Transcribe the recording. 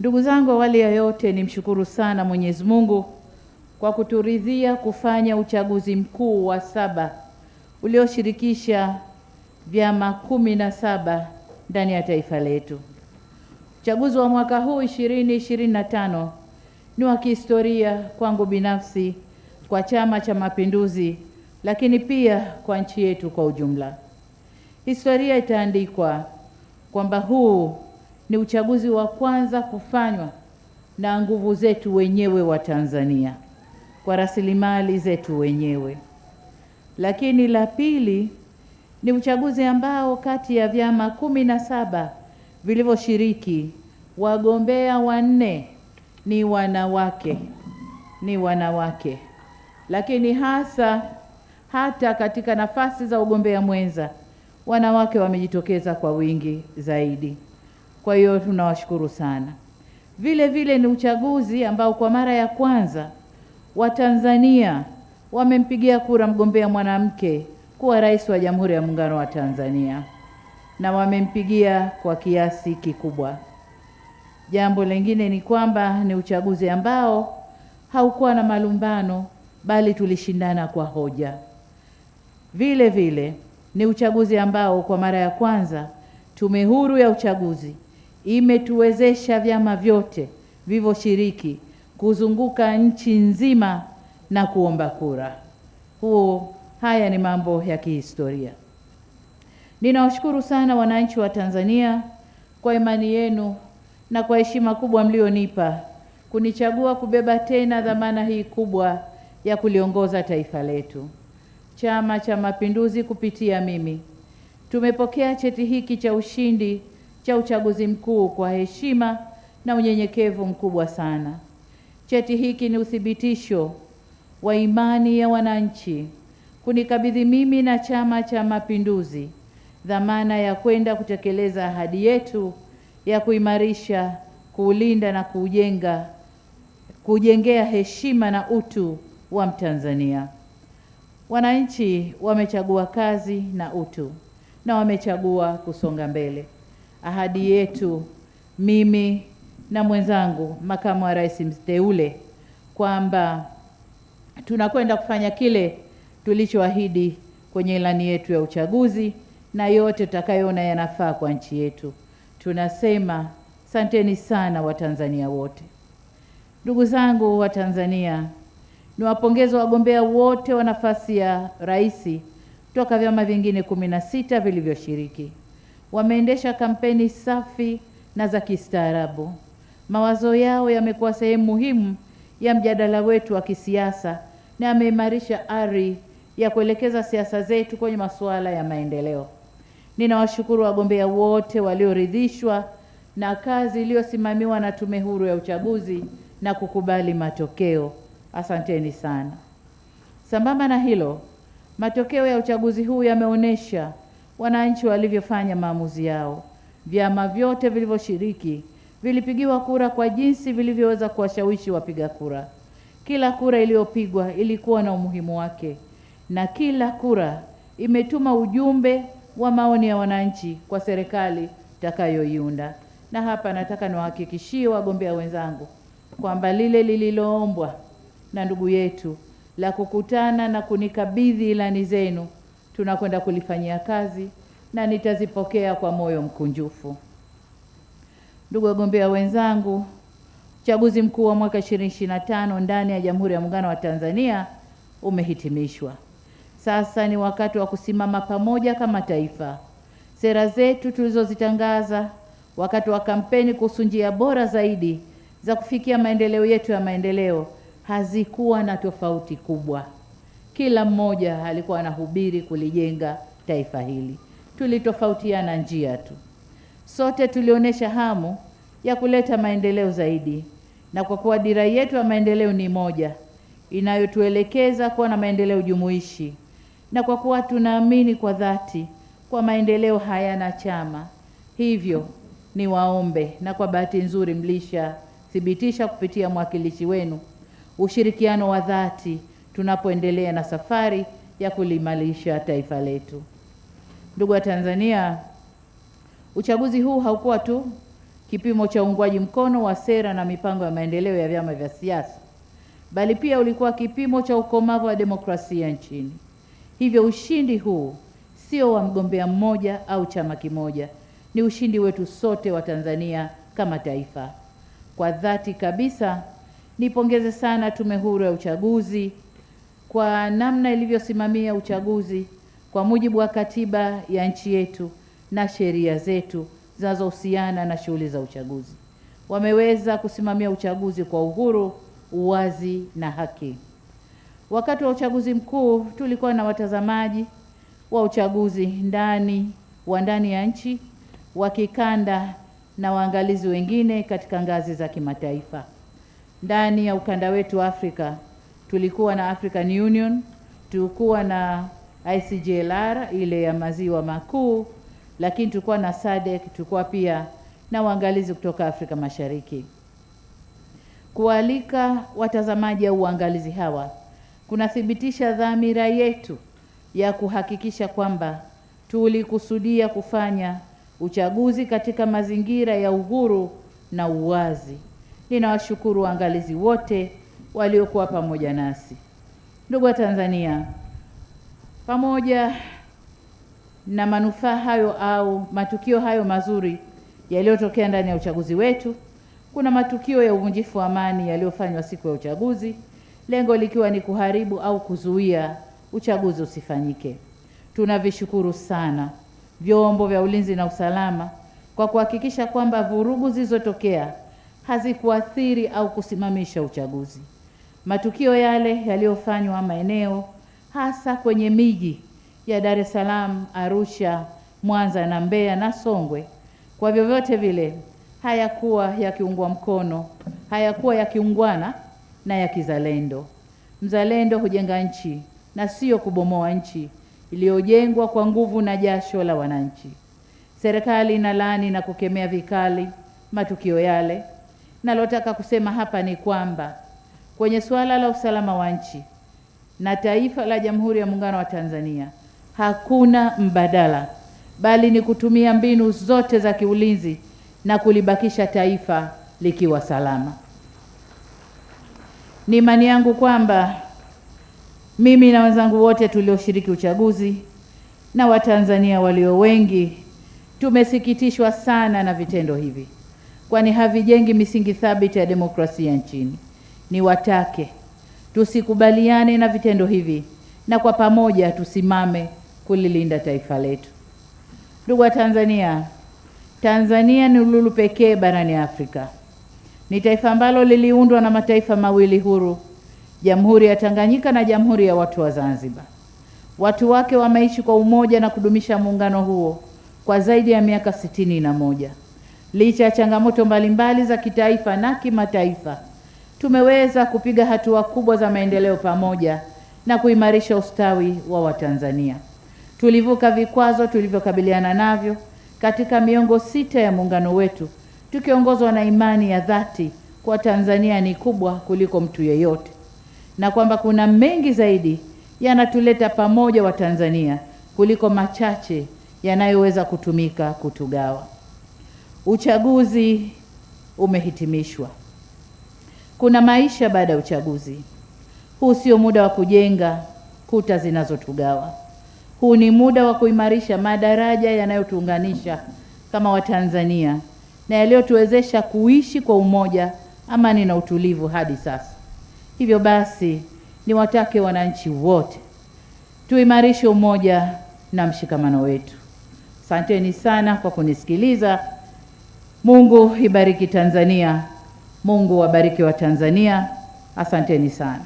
Ndugu zangu, awali ya yote nimshukuru sana Mwenyezi Mungu kwa kuturidhia kufanya uchaguzi mkuu wa saba ulioshirikisha vyama kumi na saba ndani ya taifa letu. Uchaguzi wa mwaka huu ishirini ishirini na tano ni wa kihistoria kwangu binafsi, kwa Chama cha Mapinduzi, lakini pia kwa nchi yetu kwa ujumla. Historia itaandikwa kwamba huu ni uchaguzi wa kwanza kufanywa na nguvu zetu wenyewe wa Tanzania kwa rasilimali zetu wenyewe. Lakini la pili ni uchaguzi ambao kati ya vyama kumi na saba vilivyoshiriki wagombea wanne ni wanawake, ni wanawake. Lakini hasa hata katika nafasi za ugombea mwenza wanawake wamejitokeza kwa wingi zaidi. Kwa hiyo tunawashukuru sana. Vile vile ni uchaguzi ambao kwa mara ya kwanza Watanzania wamempigia kura mgombea mwanamke kuwa rais wa Jamhuri ya Muungano wa Tanzania na wamempigia kwa kiasi kikubwa. Jambo lingine ni kwamba ni uchaguzi ambao haukuwa na malumbano, bali tulishindana kwa hoja. Vile vile ni uchaguzi ambao kwa mara ya kwanza Tume Huru ya Uchaguzi imetuwezesha vyama vyote vivyoshiriki kuzunguka nchi nzima na kuomba kura. Huo, haya ni mambo ya kihistoria. Ninawashukuru sana wananchi wa Tanzania kwa imani yenu na kwa heshima kubwa mlionipa kunichagua kubeba tena dhamana hii kubwa ya kuliongoza taifa letu. Chama cha Mapinduzi kupitia mimi tumepokea cheti hiki cha ushindi cha uchaguzi mkuu kwa heshima na unyenyekevu mkubwa sana. Cheti hiki ni uthibitisho wa imani ya wananchi kunikabidhi mimi na Chama cha Mapinduzi dhamana ya kwenda kutekeleza ahadi yetu ya kuimarisha, kuulinda na kuujenga kujengea heshima na utu wa Mtanzania. Wananchi wamechagua kazi na utu na wamechagua kusonga mbele ahadi yetu mimi na mwenzangu makamu wa rais mteule kwamba tunakwenda kufanya kile tulichoahidi kwenye ilani yetu ya uchaguzi na yote tutakayoona yanafaa kwa nchi yetu. Tunasema santeni sana Watanzania wote. Ndugu zangu wa Tanzania, niwapongeze wagombea wote wa nafasi ya rais toka vyama vingine kumi na sita vilivyoshiriki wameendesha kampeni safi na za kistaarabu. Mawazo yao yamekuwa sehemu muhimu ya mjadala wetu wa kisiasa na yameimarisha ari ya kuelekeza siasa zetu kwenye masuala ya maendeleo. Ninawashukuru wagombea wote walioridhishwa na kazi iliyosimamiwa na Tume Huru ya Uchaguzi na kukubali matokeo. Asanteni sana. Sambamba na hilo, matokeo ya uchaguzi huu yameonyesha wananchi walivyofanya maamuzi yao. Vyama vyote vilivyoshiriki vilipigiwa kura kwa jinsi vilivyoweza kuwashawishi wapiga kura. Kila kura iliyopigwa ilikuwa na umuhimu wake, na kila kura imetuma ujumbe wa maoni ya wananchi kwa serikali itakayoiunda. Na hapa nataka niwahakikishie wagombea wenzangu kwamba lile lililoombwa na ndugu yetu la kukutana na kunikabidhi ilani zenu tunakwenda kulifanyia kazi na nitazipokea kwa moyo mkunjufu. Ndugu wagombea wenzangu, uchaguzi mkuu wa mwaka 2025 ndani ya Jamhuri ya Muungano wa Tanzania umehitimishwa. Sasa ni wakati wa kusimama pamoja kama taifa. Sera zetu tulizozitangaza wakati wa kampeni kuhusu njia bora zaidi za kufikia maendeleo yetu ya maendeleo hazikuwa na tofauti kubwa. Kila mmoja alikuwa anahubiri kulijenga taifa hili. Tulitofautiana njia tu, sote tulionyesha hamu ya kuleta maendeleo zaidi, na kwa kuwa dira yetu ya maendeleo ni moja inayotuelekeza kuwa na maendeleo jumuishi, na kwa kuwa tunaamini kwa dhati kwa maendeleo hayana chama, hivyo ni waombe, na kwa bahati nzuri mlishathibitisha kupitia mwakilishi wenu ushirikiano wa dhati tunapoendelea na safari ya kulimalisha taifa letu. Ndugu wa Tanzania, uchaguzi huu haukuwa tu kipimo cha uungwaji mkono wa sera na mipango ya maendeleo ya vyama vya siasa, bali pia ulikuwa kipimo cha ukomavu wa demokrasia nchini. Hivyo ushindi huu sio wa mgombea mmoja au chama kimoja, ni ushindi wetu sote wa Tanzania kama taifa. Kwa dhati kabisa, nipongeze sana Tume Huru ya Uchaguzi kwa namna ilivyosimamia uchaguzi kwa mujibu wa katiba ya nchi yetu na sheria zetu zinazohusiana na shughuli za uchaguzi. Wameweza kusimamia uchaguzi kwa uhuru, uwazi na haki. Wakati wa uchaguzi mkuu tulikuwa na watazamaji wa uchaguzi ndani wa ndani ya nchi, wa kikanda na waangalizi wengine katika ngazi za kimataifa. Ndani ya ukanda wetu wa Afrika tulikuwa na African Union, tulikuwa na ICJLR ile ya maziwa makuu, lakini tulikuwa na SADC, tulikuwa pia na waangalizi kutoka Afrika Mashariki. Kualika watazamaji au waangalizi hawa kunathibitisha dhamira yetu ya kuhakikisha kwamba tulikusudia kufanya uchaguzi katika mazingira ya uhuru na uwazi. Ninawashukuru waangalizi wote waliokuwa pamoja nasi. Ndugu wa Tanzania, pamoja na manufaa hayo au matukio hayo mazuri yaliyotokea ndani ya uchaguzi wetu, kuna matukio ya uvunjifu wa amani yaliyofanywa siku ya uchaguzi, lengo likiwa ni kuharibu au kuzuia uchaguzi usifanyike. Tunavishukuru sana vyombo vya ulinzi na usalama kwa kuhakikisha kwamba vurugu zilizotokea hazikuathiri au kusimamisha uchaguzi. Matukio yale yaliyofanywa maeneo hasa kwenye miji ya Dar es Salaam, Arusha, Mwanza na Mbeya na Songwe, kwa vyovyote vile hayakuwa yakiungwa mkono, hayakuwa yakiungwana na ya kizalendo. Mzalendo hujenga nchi na sio kubomoa nchi iliyojengwa kwa nguvu na jasho la wananchi. Serikali inalaani na kukemea vikali matukio yale. Nalotaka kusema hapa ni kwamba kwenye suala la usalama wa nchi na taifa la Jamhuri ya Muungano wa Tanzania hakuna mbadala, bali ni kutumia mbinu zote za kiulinzi na kulibakisha taifa likiwa salama. Ni imani yangu kwamba mimi na wenzangu wote tulioshiriki uchaguzi na Watanzania walio wengi tumesikitishwa sana na vitendo hivi, kwani havijengi misingi thabiti ya demokrasia nchini niwatake tusikubaliane na vitendo hivi na kwa pamoja tusimame kulilinda taifa letu. Ndugu wa Tanzania, Tanzania ni lulu pekee barani Afrika. Ni taifa ambalo liliundwa na mataifa mawili huru, Jamhuri ya Tanganyika na Jamhuri ya Watu wa Zanzibar. Watu wake wameishi kwa umoja na kudumisha muungano huo kwa zaidi ya miaka sitini na moja licha ya changamoto mbalimbali za kitaifa na kimataifa tumeweza kupiga hatua kubwa za maendeleo pamoja na kuimarisha ustawi wa Watanzania. Tulivuka vikwazo tulivyokabiliana navyo katika miongo sita ya muungano wetu tukiongozwa na imani ya dhati kwa Tanzania ni kubwa kuliko mtu yeyote, na kwamba kuna mengi zaidi yanatuleta pamoja Watanzania kuliko machache yanayoweza kutumika kutugawa. Uchaguzi umehitimishwa kuna maisha baada ya uchaguzi. Huu sio muda wa kujenga kuta zinazotugawa. Huu ni muda wa kuimarisha madaraja yanayotuunganisha kama Watanzania na yaliyotuwezesha kuishi kwa umoja, amani na utulivu hadi sasa. Hivyo basi, niwatake wananchi wote tuimarishe umoja na mshikamano wetu. Asanteni sana kwa kunisikiliza. Mungu ibariki Tanzania. Mungu wabariki wa Tanzania. Asanteni sana.